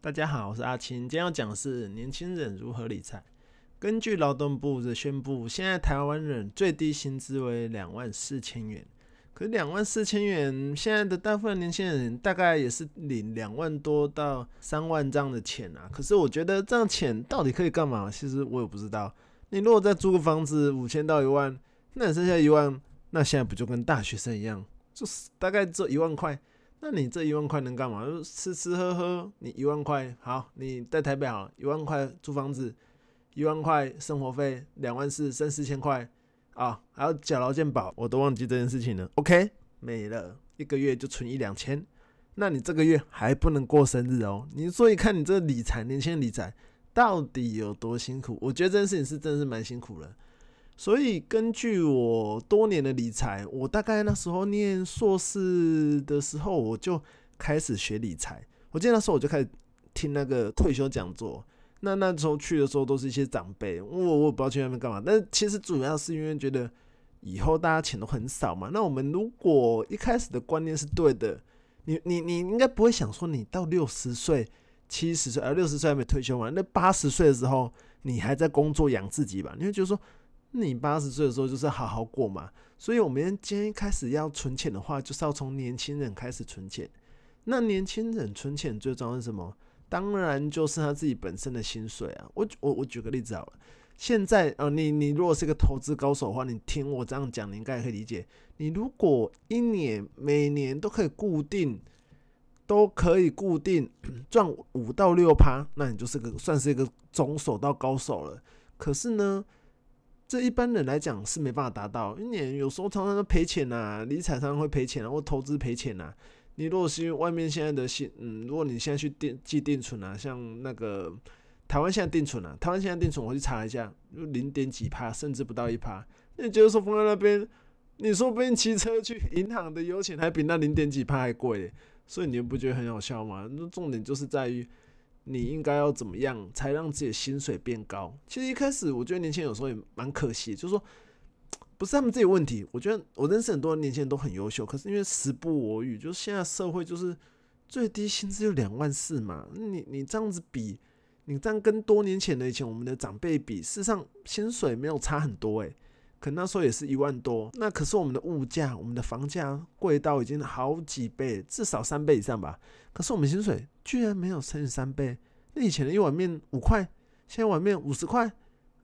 大家好，我是阿青，今天要講的是年輕人如何理財。根據勞動部的宣布，現在台灣人最低薪資為兩萬四千元。可是兩萬四千元，現在的大部分年輕人大概也是領兩萬多到三萬這樣的錢啊。可是我覺得這樣錢到底可以幹嘛？其實我也不知道。你如果再租個房子五千到一萬，那剩下一萬，那現在不就跟大學生一樣，就是大概做一萬塊。那你這一萬塊能幹嘛？吃吃喝喝。你一萬塊好，你在台北好，一萬塊租房子，一萬塊生活費，兩萬四三四千塊啊，還有繳勞健保，我都忘記這件事情了。OK，沒了，一個月就存一兩千。那你這個月還不能過生日哦。你所以看你這個理財，年輕理財到底有多辛苦？我覺得這件事情是真的是蠻辛苦的。所以，根據我多年的理財，我大概那時候念碩士的時候，我就開始學理財。我記得那時候我就開始聽那個退休講座。那那時候去的時候都是一些長輩，我我不知道去那邊幹嘛。但其實主要是因為覺得以後大家錢都很少嘛。那我們如果一開始的觀念是對的，你你你應該不會想說你到六十歲、七十歲，呃、哎，六十歲還沒退休完，那八十歲的時候你還在工作養自己吧？你會覺得說。你八十歲的時候就是好好過嘛，所以，我們今天一開始要存錢的話，就是要從年輕人開始存錢。那年輕人存錢最重要的是什麼？當然就是他自己本身的薪水啊。我我我我舉個例子好了，現在啊，呃，你你如果是一個投資高手的話，你聽我這樣講，你應該可以理解。你如果一年每年都可以固定都可以固定賺五到六趴，那你就是個算是一個中手到高手了。可是呢，這一般人來講是沒辦法達到，因為有時候常常都賠錢吶、啊，理財商會賠錢、啊，或投資賠錢吶、啊。你如果是因為外面現在的現，嗯，如果你現在去定記定存啊，像那個台灣現在定存啊，台灣現在定存我去查一下，就零點幾趴，甚至不到一趴。那就是說放在那邊，你說不定騎車去銀行的油錢還比那零點幾趴還貴，欸，所以你不覺得很好笑嗎？那重點就是在於。你應該要怎麼樣才讓自己的薪水變高？其實一開始我覺得年輕人有時候也蠻可惜，就是說不是他們自己問題。我覺得我認識很多年輕人都很優秀，可是因為時不我與，就是現在社會就是最低薪資就兩萬四嘛你。你你這樣子比，你這樣跟多年前的以前我們的長輩比，事實上薪水沒有差很多誒、欸。可那時候也是一萬多，那可是我們的物價、我們的房價貴到已經好幾倍，至少三倍以上吧。可是我們薪水。居然沒有三十三倍，那以前的一碗麵五塊，現在一碗麵五十塊，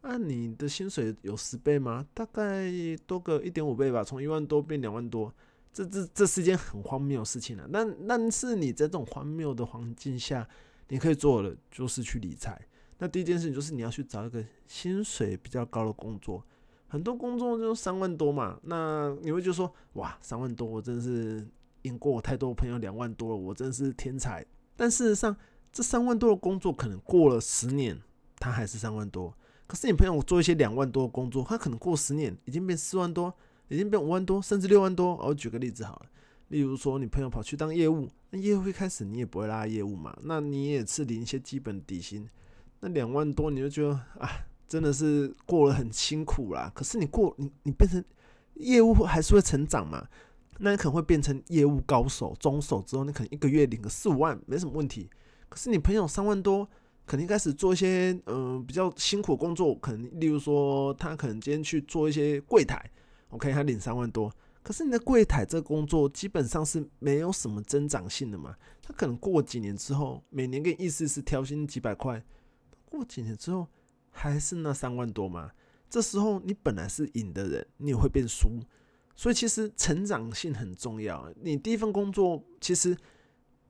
那、啊、你的薪水有十倍嗎？大概多個一點五倍吧，從一萬多變兩萬多，這這這是件很荒謬的事情了、啊。那但，但是你在這種荒謬的環境下，你可以做的就是去理財。那第一件事情就是你要去找一個薪水比較高的工作，很多工作就三萬多嘛。那你會就說哇，三萬多我真是贏過我太多朋友兩萬多了，我真是天才。但事實上，這三萬多的工作可能過了十年，他還是三萬多。可是你朋友我做一些兩萬多的工作，他可能過十年已經變四萬多，已經變五萬多，甚至六萬多、哦。我舉個例子好了，例如說你朋友跑去當業務，那業務一開始你也不會拉業務嘛，那你也是領一些基本底薪。那兩萬多你就覺得啊，真的是過得很辛苦啦。可是你過你你變成業務還是會成長嘛？那你可能會變成業務高手、中手之後，你可能一個月領個四五萬沒什麼問題。可是你朋友三萬多，可能一開始做一些嗯、呃、比較辛苦的工作，可能例如說他可能今天去做一些櫃台，OK，他領三萬多。可是你的櫃台這個工作基本上是沒有什麼增長性的嘛？他可能過幾年之後，每年跟意思是調薪幾百塊，過幾年之後還是那三萬多嘛？這時候你本來是贏的人，你也會變輸。所以其實成長性很重要。你第一份工作，其實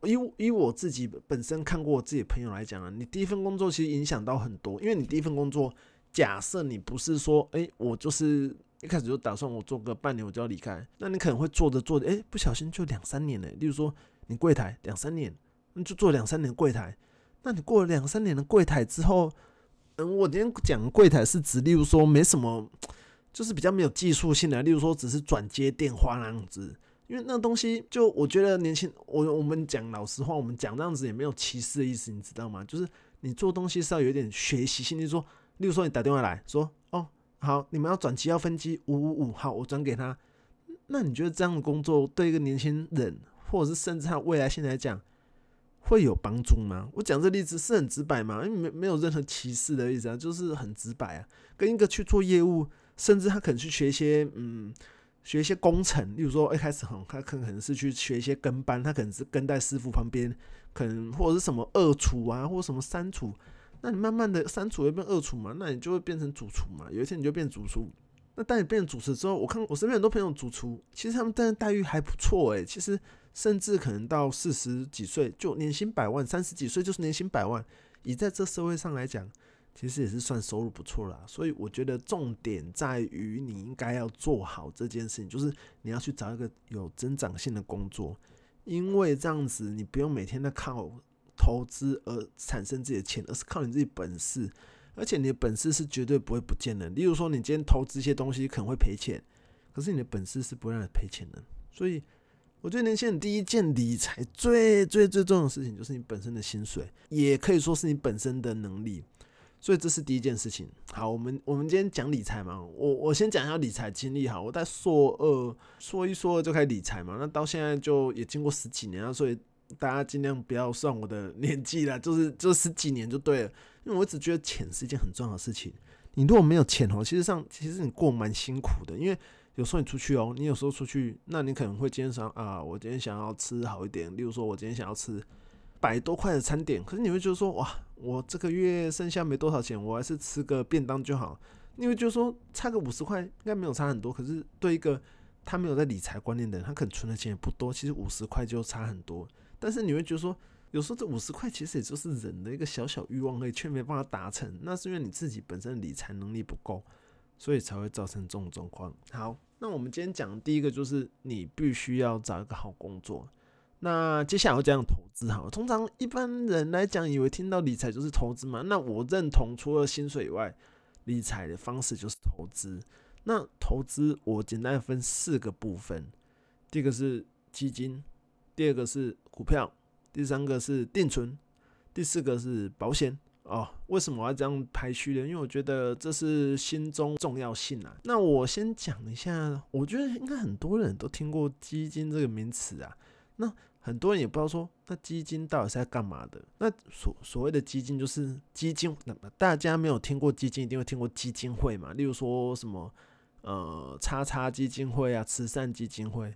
以以我自己本身看過我自己朋友來講啊，你第一份工作其實影響到很多。因為你第一份工作，假設你不是說，誒，我就是一開始就打算我做個半年我就要離開，那你可能會做着做着，誒，不小心就兩三年了。例如說，你櫃檯兩三年，你就做兩三年櫃檯。那你過了兩三年的櫃檯之後，嗯，我今天講櫃檯是指例如說沒什麼。就是比較沒有技術性的，例如說只是轉接電話那樣子，因為那東西就我覺得年輕，我我們講老實話，我們講這樣子也沒有歧視的意思，你知道嗎？就是你做東西是要有點學習性，就是說，例如說你打電話來說，哦，好，你們要轉機要分機五五五，好，我轉給他。那你覺得這樣的工作對一個年輕人，或者是甚至他未來現在來講，會有幫助嗎？我講這例子是很直白嘛，因為沒沒有任何歧視的意思啊，就是很直白啊，跟一個去做業務。甚至他可能去學一些，嗯，學一些工程，例如說一開始很，他可可能是去學一些跟班，他可能是跟在師傅旁邊，可能或者是什麼二廚啊，或者什麼三廚，那你慢慢的三廚會變二廚嘛，那你就會變成主廚嘛，有一天你就變主廚，那當你變成主廚之後，我看我身邊很多朋友主廚，其實他們待的待遇還不錯哎、欸，其實甚至可能到四十幾歲就年薪百萬，三十幾歲就是年薪百萬，以在這社會上來講。其實也是算收入不錯啦，所以我覺得重點在於你應該要做好這件事情，就是你要去找一個有增長性的工作，因為這樣子你不用每天在靠投資而產生自己的錢，而是靠你自己本事，而且你的本事是絕對不會不見的。例如說，你今天投資一些東西可能會賠錢，可是你的本事是不會讓你賠錢的。所以，我覺得年輕人第一件理財最最最重要的事情，就是你本身的薪水，也可以說是你本身的能力。所以這是第一件事情。好，我們我們今天講理財嘛，我我先講一下理財經歷。哈，我在碩二碩一碩二就開始理財嘛。那到現在就也經過十幾年了，啊。所以大家儘量不要算我的年紀了，就是就十幾年就對了。因為我一直覺得錢是一件很重要的事情。你如果沒有錢哦，其實上其實你過蠻辛苦的，因為有時候你出去哦、喔，你有時候出去，那你可能會今天想啊，我今天想要吃好一點，例如說我今天想要吃。百多塊的餐點，可是你會覺得說，哇，我這個月剩下沒多少錢，我還是吃個便當就好。你會覺得說，差個五十塊應該沒有差很多，可是對一個他沒有在理財觀念的人，他可能存的錢也不多，其實五十塊就差很多。但是你會覺得說，有時候這五十塊其實也就是人的一個小小欲望而已，卻沒辦法達成，那是因為你自己本身的理財能力不夠，所以才會造成這種狀況。好，那我們今天講第一個就是，你必須要找一個好工作。那接下來我講講投資哈。通常一般人來講，以為聽到理財就是投資嘛。那我認同，除了薪水以外，理財的方式就是投資。那投資我簡單分四個部分，第一個是基金，第二個是股票，第三個是定存，第四個是保險哦。為什麼我要這樣排序呢？因為我覺得這是心中重要性啊。那我先講一下，我覺得應該很多人都聽過基金這個名詞啊。那很多人也不知道說，那基金到底是在幹嘛的？那所所謂的基金就是基金，那麼大家沒有聽過基金，一定會聽過基金會嘛？例如說什麼呃叉叉基金會啊，慈善基金會。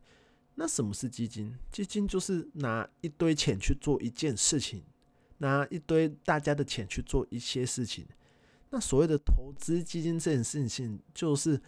那什麼是基金？基金就是拿一堆錢去做一件事情，拿一堆大家的錢去做一些事情。那所謂的投資基金這件事情，就是。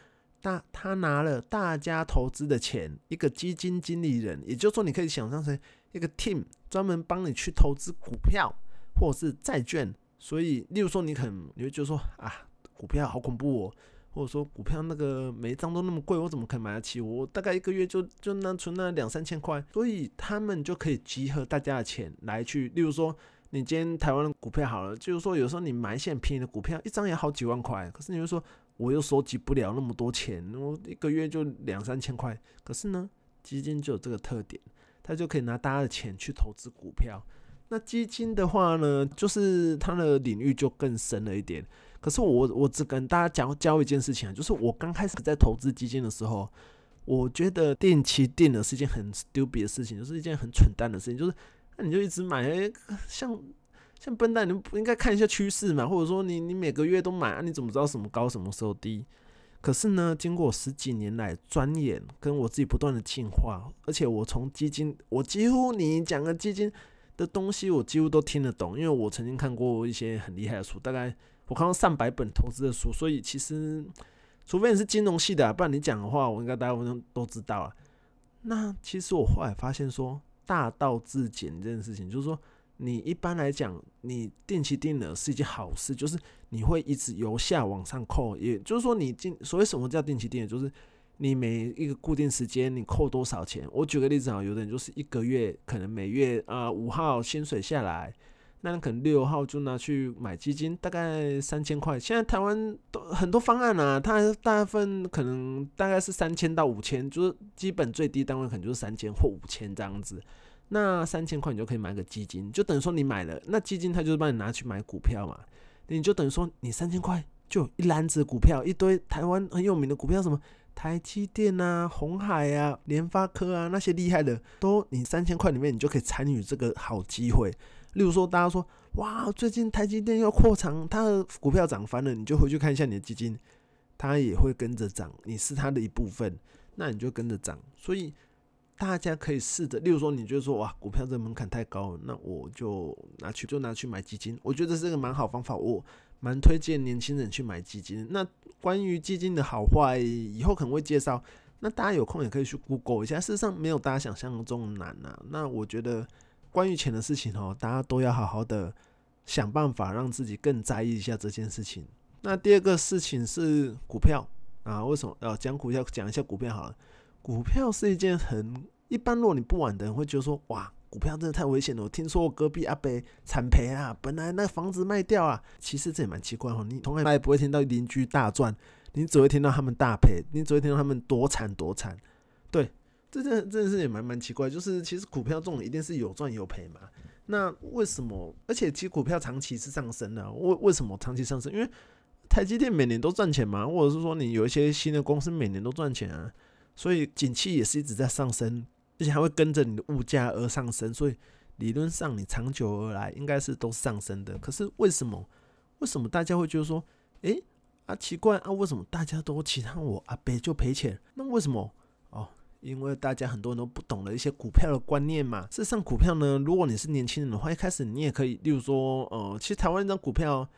大他拿了大家投資的錢，一個基金經理人，也就是說，你可以想象成一個 team 專門幫你去投資股票或者是債券。所以，例如說，你可能你會覺得說啊，股票好恐怖哦，或者說股票那個每一張都那麼貴，我怎麼可以買得起？我大概一個月就就能存那兩三千塊。所以他們就可以集合大家的錢來去，例如說，你今天台灣的股票好了，就是說有時候你買一線便宜的股票一張也好幾萬塊，可是你就是說。我又收集不了那麼多錢，我一個月就兩三千塊。可是呢，基金就有這個特點，他就可以拿大家的錢去投資股票。那基金的話呢，就是它的領域就更深了一點。可是我，我只跟大家講教一件事情、啊，就是我剛開始在投資基金的時候，我覺得定期定額，是一件很 stupid 的事情，就是一件很蠢蛋的事情，就是那、啊、你就一直買，欸、像。像笨蛋，你們不應該看一下趨勢嘛？或者說你，你你每個月都買啊？你怎麼知道什麼高什麼時候低？可是呢，經過十幾年來鑽研跟我自己不斷的進化，而且我從基金，我幾乎你講個基金的東西，我幾乎都聽得懂，因為我曾經看過一些很厲害的書，大概我看過上百本投資的書，所以其實除非你是金融系的、啊，不然你講的話，我應該大部分都知道啊。那其實我後來發現說，大道至簡這件事情，就是說。你一般來講，你定期定額是一件好事，就是你會一直由下往上扣，也就是說你，你進所謂什麼叫定期定額，就是你每一個固定時間你扣多少錢。我舉個例子啊，有的人就是一個月可能每月啊呃，五號薪水下來，那可能六號就拿去買基金，大概三千塊。現在台灣都很多方案啊，它大部分可能大概是三千到五千，就是基本最低單位可能就是三千或五千這樣子。那三千塊你就可以買個基金，就等於說你買了那基金，它就是幫你拿去買股票嘛。你就等於說你三千塊就一籃子股票，一堆台灣很有名的股票，什麼台積電啊、鴻海啊、聯發科啊那些厲害的，都你三千塊裡面你就可以參與這個好機會。例如說，大家說哇，最近台積電要擴廠，它的股票漲翻了，你就回去看一下你的基金，它也會跟着漲，你是它的一部分，那你就跟着漲。所以。大家可以試着，例如說，你就說哇，股票這門檻太高了，那我就拿去，就拿去買基金。我覺得這個蠻好的方法，我蠻推薦年輕人去買基金。那關於基金的好壞，以後可能會介紹。那大家有空也可以去 Google 一下，事實上沒有大家想象中難啊。那我覺得關於錢的事情哦，大家都要好好的想辦法，讓自己更在意一下這件事情。那第二個事情是股票啊，為什麼，呃，講股票？講一下股票好了。股票是一件很一般，如果你不玩的人會覺得說，哇，股票真的太危險了。我聽說我隔壁阿伯慘賠啊，本來那房子賣掉啊。其實這也蠻奇怪哦，你從來也不會聽到鄰居大賺，你只會聽到他們大賠，你只會聽到他們多慘多慘。對，這件這件事也蠻蠻奇怪，就是其實股票中一定是有賺有賠嘛。那為什麼？而且其實股票長期是上升的，為為什麼長期上升？因為台積電每年都賺錢嘛，或者是說你有一些新的公司每年都賺錢啊。所以，景氣也是一直在上升，而且還會跟着你的物價而上升。所以，理論上你長久而來應該是都是上升的。可是為什麼？為什麼大家會覺得說，誒、欸、啊奇怪啊，為什麼大家都其他我啊賠就賠錢？那為什麼？哦，因為大家很多人都不懂得一些股票的觀念嘛。事實上，股票呢，如果你是年輕人的話，一開始你也可以，例如說，呃，其實台灣那張股票。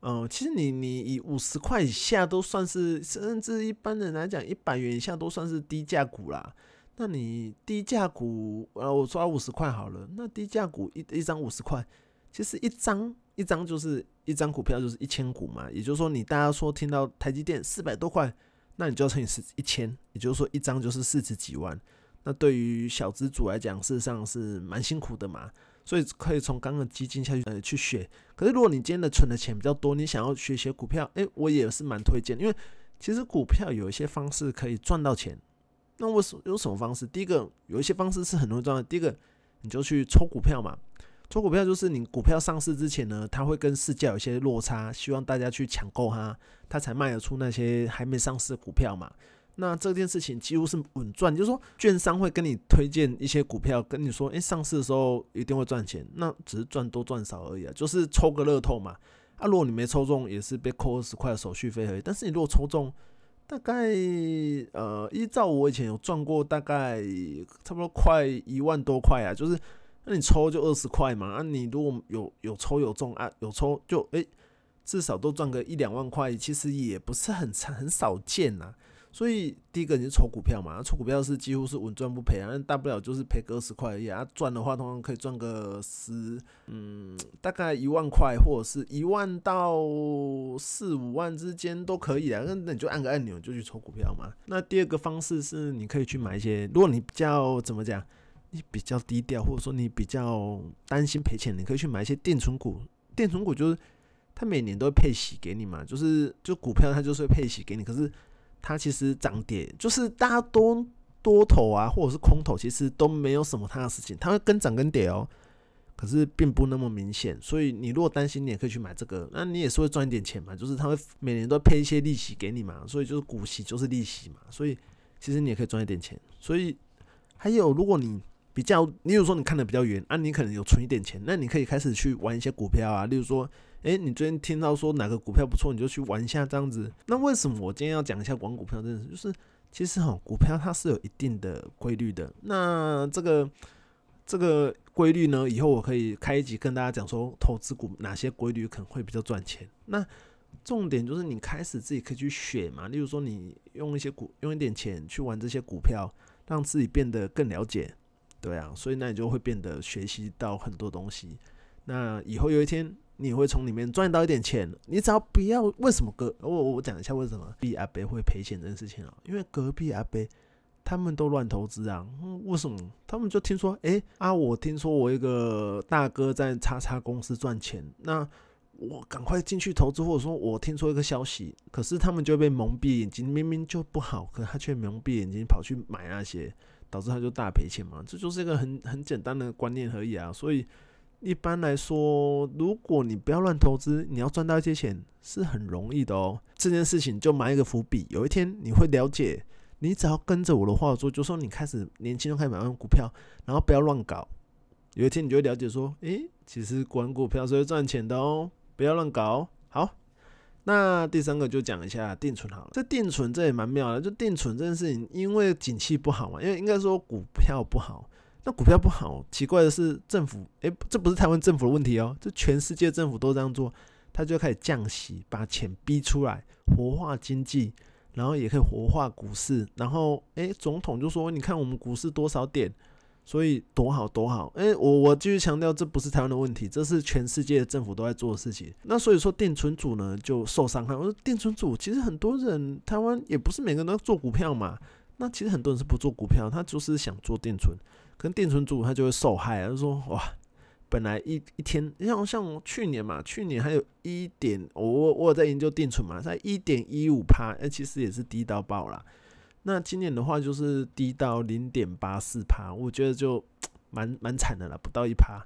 哦、嗯，其實你你以五十塊以下都算是，甚至一般人來講，一百元以下都算是低價股啦。那你低價股，啊、呃，我抓五十塊好了。那低價股一一張五十塊，其實一張一張就是一張股票就是一千股嘛。也就是說，你大家說聽到台積電四百多塊，那你就要乘以十一千，也就是說一張就是四十幾萬。那對於小資族來講，事實上是蠻辛苦的嘛。所以可以從剛剛基金下去呃去學，可是如果你今天的存的錢比較多，你想要學學股票，誒，我也是蠻推薦，因為其實股票有一些方式可以賺到錢。那我有什麼方式？第一個有一些方式是很容易賺的，第一個你就去抽股票嘛，抽股票就是你股票上市之前呢，它會跟市價有一些落差，希望大家去搶購它，它才賣得出那些還沒上市的股票嘛。那這件事情幾乎是穩賺，就是說，券商會跟你推薦一些股票，跟你說，哎，上市的時候一定會賺錢，那只是賺多賺少而已，啊，就是抽個樂透嘛。啊，如果你沒抽中，也是被扣二十塊的手續費而已。但是你如果抽中，大概呃，依照我以前有賺過，大概差不多快一萬多塊啊，就是那你抽就二十塊嘛。啊，你如果有有抽有中啊，有抽就哎、欸，至少都賺個一兩萬塊，其實也不是很很少見啊。所以第一個你是炒股票嘛？炒股票是幾乎是穩賺不賠啊，那大不了就是賠個十塊而已啊，賺的話通常可以賺個十，嗯，大概一萬塊或者是一萬到四五萬之間都可以啊。那那你就按個按鈕就去炒股票嘛。那第二個方式是你可以去買一些，如果你比較怎麼講，你比較低調或者說你比較擔心賠錢，你可以去買一些定存股。定存股就是它每年都會配息給你嘛，就是就股票它就是會配息給你，可是。它其實漲跌就是大家多多頭啊，或者是空頭，其實都沒有什麼太大事情，它會跟漲跟跌哦，可是並不那麼明顯。所以你如果擔心，你也可以去買這個，那、啊、你也是會賺一點錢嘛，就是它會每年都配一些利息給你嘛，所以就是股息就是利息嘛，所以其實你也可以賺一點錢。所以還有，如果你比較，例如說你看的比較遠啊，你可能有存一點錢，那你可以開始去玩一些股票啊，例如說。誒，你最近聽到說哪個股票不錯，你就去玩一下這樣子。那為什麼我今天要講一下玩股票這件事？就是，其實哈，股票它是有一定的規律的。那這個這個規律呢，以後我可以開一集跟大家講說，投資股哪些規律可能會比較賺錢。那重點就是你開始自己可以去選嘛，例如說你用一些股用一點錢去玩這些股票，讓自己變得更了解。對啊，所以那你就會變得學習到很多東西。那以後有一天。你會從裡面賺到一點錢，你只要不要為什麼哥，我我講一下為什麼隔壁阿伯會賠錢這件事情啊？因為隔壁阿伯他們都亂投資啊，為什麼？他們就聽說誒、欸、啊，我聽說我一個大哥在叉叉公司賺錢，那我趕快進去投資，或者說我聽說一個消息，可是他們就被蒙蔽眼睛，明明就不好，可他卻蒙蔽眼睛跑去買那些，導致他就大賠錢嘛，這就是一個很很簡單的觀念而已啊，所以。一般來說，如果你不要亂投資，你要賺到一些錢是很容易的哦。這件事情就埋一個伏筆，有一天你會了解。你只要跟着我的話說，就是、說你開始年輕就開始買完股票，然後不要亂搞。有一天你就會了解說，誒、欸，其實玩股票是會賺錢的哦，不要亂搞哦。好，那第三個就講一下定存好了。這定存這也蠻妙的，就定存這件事情，因為景氣不好嘛，因為應該說股票不好。那股票不好，奇怪的是政府，哎、欸，這不是台灣政府的問題哦，這全世界政府都這樣做，他就開始降息，把錢逼出來，活化經濟，然後也可以活化股市，然後，哎、欸，總統就說，你看我們股市多少點，所以多好多好，哎、欸，我我繼續強調，這不是台灣的問題，這是全世界的政府都在做的事情，那所以說定存族呢就受傷害，我說定存族其實很多人台灣也不是每個人都要做股票嘛。那其實很多人是不做股票，他就是想做定存，跟定存做他就會受害。他說：“哇，本來一一天，你像像去年嘛，去年還有一點，哦、我我我在研究定存嘛，在一點一五趴，那、欸、其實也是低到爆了啦。那今年的話就是低到零點八四趴，我覺得就蠻蠻慘的了，不到一趴。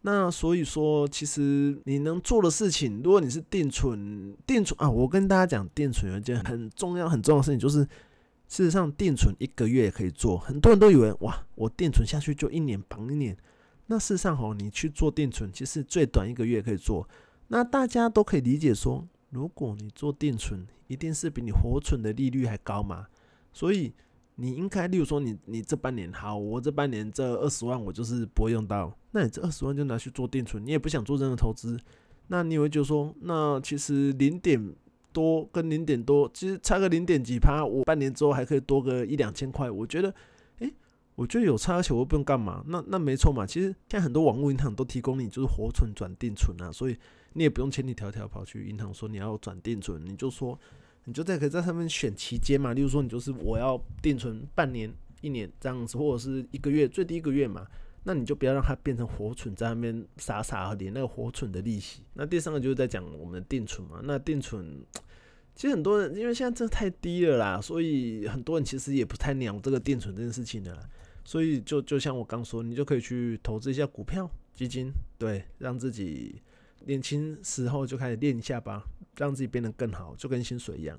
那所以說，其實你能做的事情，如果你是定存，定存啊，我跟大家講，定存有一件很重要很重要的事情就是。”事實上，定存一個月也可以做，很多人都以為哇，我定存下去就一年綁一年。那事實上吼，你去做定存，其實最短一個月也可以做。那大家都可以理解說，如果你做定存，一定是比你活存的利率還高嘛。所以你應該，例如說你你這半年好，我這半年這二十萬我就是不會用到，那你這二十萬就拿去做定存，你也不想做任何投資，那你以為就是說，那其實零點。多跟零點多，其實差個零點幾趴，我半年之後還可以多個一兩千塊，我覺得，誒、欸，我覺得有差，而且我又不用幹嘛？那那沒錯嘛。其實現在很多網絡銀行都提供你就是活存轉定存啊，所以你也不用千里迢迢跑去銀行說你要轉定存，你就說，你就在可以在上面選期間嘛，例如說你就是我要定存半年、一年這樣子，或者是一個月，最低一個月嘛。那你就不要讓它變成活存，在那邊傻傻的連那個活存的利息。那第三個就是在講我們的定存嘛。那定存其實很多人因為現在這太低了啦，所以很多人其實也不太鳥這個定存這件事情的啦。所以就就像我剛說，你就可以去投資一下股票基金，對，讓自己年輕時候就開始練一下吧，讓自己變得更好，就跟薪水一樣。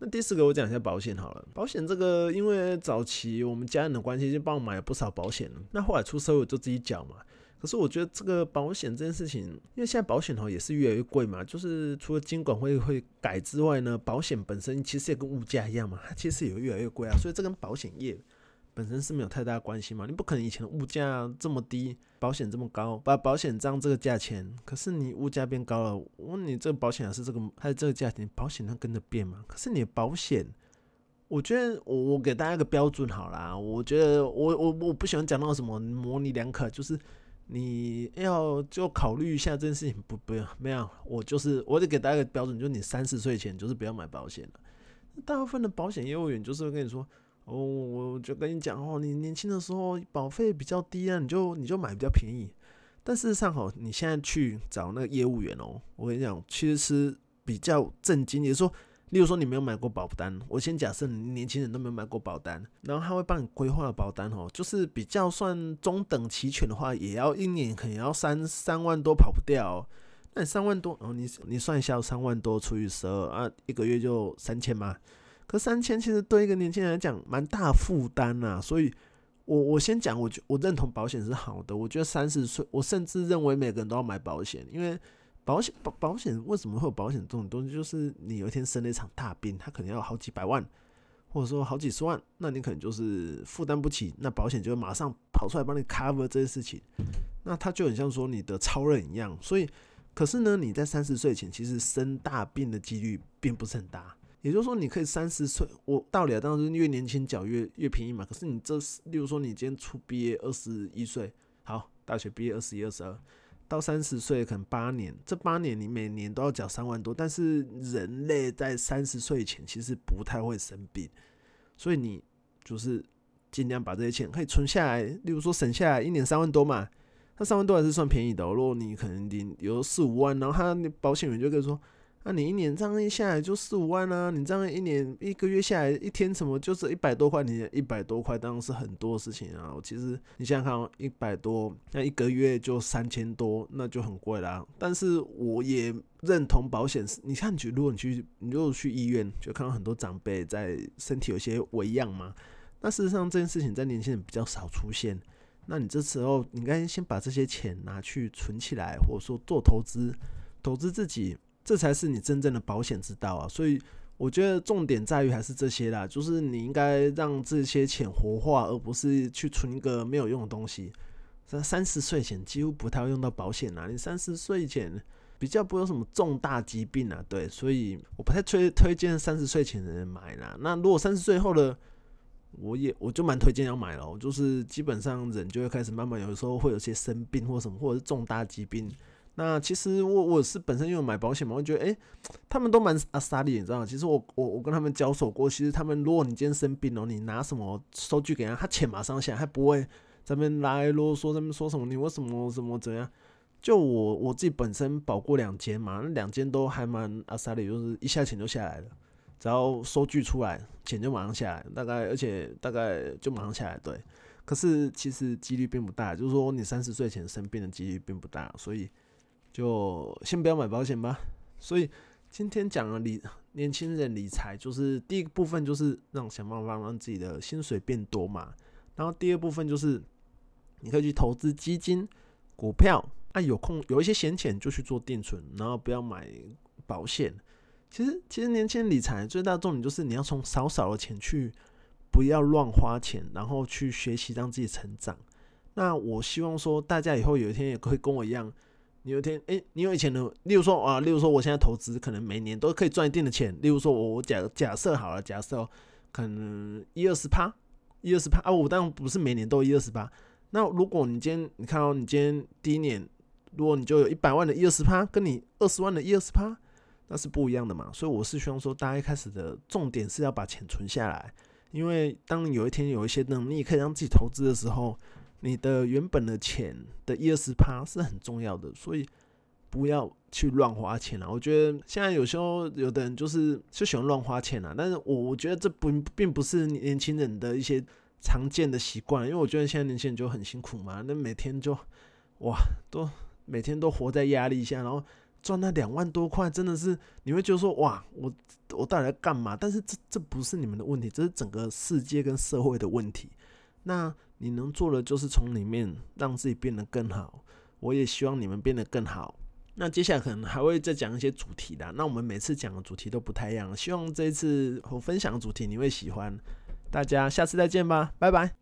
那第四個我講一下保險好了，保險這個，因為早期我們家人的關係，就幫我買了不少保險，那後來出社會我就自己繳嘛。可是我覺得這個保險這件事情，因為現在保險的話也是越來越貴嘛，就是除了金管會會改之外呢，保險本身其實也跟物價一樣嘛，它其實也越來越貴啊，所以這跟保險業。本身是沒有太大關係嘛？你不可能以前物價這麼低，保險這麼高，把保險漲這個價錢。可是你物價變高了，問你這個保險還是這個還是這個價錢，保險它跟着變嘛。可是你的保險，我覺得我我給大家一個標準好啦，我覺得我我我不喜歡講到什麼模棱兩可，就是你要就考慮一下這件事情，不不要沒有，我就是我得給大家一個標準，就是你三十歲前就是不要買保險了。大部分的保險業務員就是會跟你說。哦，oh, 我就跟你講哦，你年輕的時候保費比較低啊，你就你就買比較便宜。但事實上哦，你現在去找那個業務員哦，我跟你講，其實是比較震驚。也就是說，例如說你沒有買過保單，我先假設你年輕人都沒有買過保單，然後他會幫你規劃的保單哦，就是比較算中等齊全的話，也要一年可能要三三萬多跑不掉。那你三萬多，哦，你你算一下，三萬多除以十二啊，一個月就三千嘛。可三千其實對一個年輕人來講蠻大負擔啊，所以我我先講，我覺我認同保險是好的，我覺得三十歲，我甚至認為每個人都要買保險，因為保險保保險為什麼會有保險這種東西，就是你有一天生了一場大病，他可能要好幾百萬，或者說好幾十萬，那你可能就是負擔不起，那保險就會馬上跑出來幫你 cover 這些事情，那它就很像說你的超人一樣，所以可是呢，你在三十歲前其實生大病的幾率並不是很大。也就是說，你可以三十歲，我道理啊，當然是越年輕繳越越便宜嘛。可是你這，例如說你今天初畢業二十一歲，好，大學畢業二十一、二十二，到三十歲可能八年，這八年你每年都要繳三萬多。但是人類在三十歲前其實不太會生病，所以你就是盡量把這些錢可以存下來。例如說省下來一年三萬多嘛，那三萬多還是算便宜的哦。如果你可能領有四五萬，然後他那保險員就跟你說。那、啊、你一年這樣一下來就四五萬啦、啊，你這樣一年一個月下來一天什麼就是一百多塊，你一百多塊當然是很多事情啊。我其實你想想看，一百多那一個月就三千多，那就很貴啦。但是我也認同保險，你看，如果你去，你如果去醫院，就看到很多長輩在身體有些微恙嘛。那事實上這件事情在年輕人比較少出現。那你這時候你應該先把這些錢拿去存起來，或者說做投資，投資自己。這才是你真正的保險之道啊！所以我覺得重點在於還是這些啦，就是你應該讓這些錢活化，而不是去存一個沒有用的東西。三三十歲前幾乎不太會用到保險啦、啊，你三十歲前比較不會有什麼重大疾病啊，對，所以我不太推推薦三十歲前的人買啦、啊。那如果三十歲後的，我也我就蠻推薦要買了，就是基本上人就會開始慢慢，有時候會有些生病或什麼，或者是重大疾病。那其實我我是本身有買保險嘛，我覺得哎、欸，他們都蠻阿莎力的，你知道嗎？其實我我我跟他們交手過，其實他們如果你今天生病了，喔，你拿什麼收據給他，他錢馬上下來，他不會這邊來囉嗦，這邊說什麼你為什麼怎麼怎樣？就我我自己本身保過兩間嘛，兩間都還蠻阿莎力的，就是一下錢就下來了，只要收據出來，錢就馬上下來，大概而且大概就馬上下來，對。可是其實幾率並不大，就是說你三十歲前生病的幾率並不大，所以。就先不要買保險吧。所以今天講了理，年輕人理財就是第一個部分，就是讓想辦法讓自己的薪水變多嘛。然後第二部分就是你可以去投資基金、股票、啊。那有空有一些閒錢就去做定存，然後不要買保險。其實，其實年輕人理財最大的重點就是你要從少少的錢去，不要亂花錢，然後去學習讓自己成長。那我希望說大家以後有一天也可以跟我一樣。你有一天，哎、欸，你有以前的，例如說啊，例如說我現在投資，可能每年都可以賺一定的錢。例如說我，我我假假設好了，假設哦，可能一二十趴，一二十趴啊，我當然不是每年都一二十趴。那如果你今天你看到你今天第一年，如果你就有一百萬的一二十趴，跟你二十萬的一二十趴，那是不一樣的嘛。所以我是希望說，大家一開始的重點是要把錢存下來，因為當你有一天有一些能力可以讓自己投資的時候。你的原本的錢的一二十趴是很重要的，所以不要去亂花錢啊。我覺得現在有時候有的人就是就喜歡亂花錢啊，但是我我覺得這不並不是年輕人的一些常見的習慣，因為我覺得現在年輕人就很辛苦嘛，那每天就哇都每天都活在壓力下，然後賺那兩萬多塊，真的是你會覺得說哇，我我到底在幹嘛？但是這這不是你們的問題，這是整個世界跟社會的問題。那。你能做的就是從裡面讓自己變得更好，我也希望你們變得更好。那接下來可能還會再講一些主題的，那我們每次講的主題都不太一樣，希望這一次我分享的主題你會喜歡。大家下次再見吧，拜拜。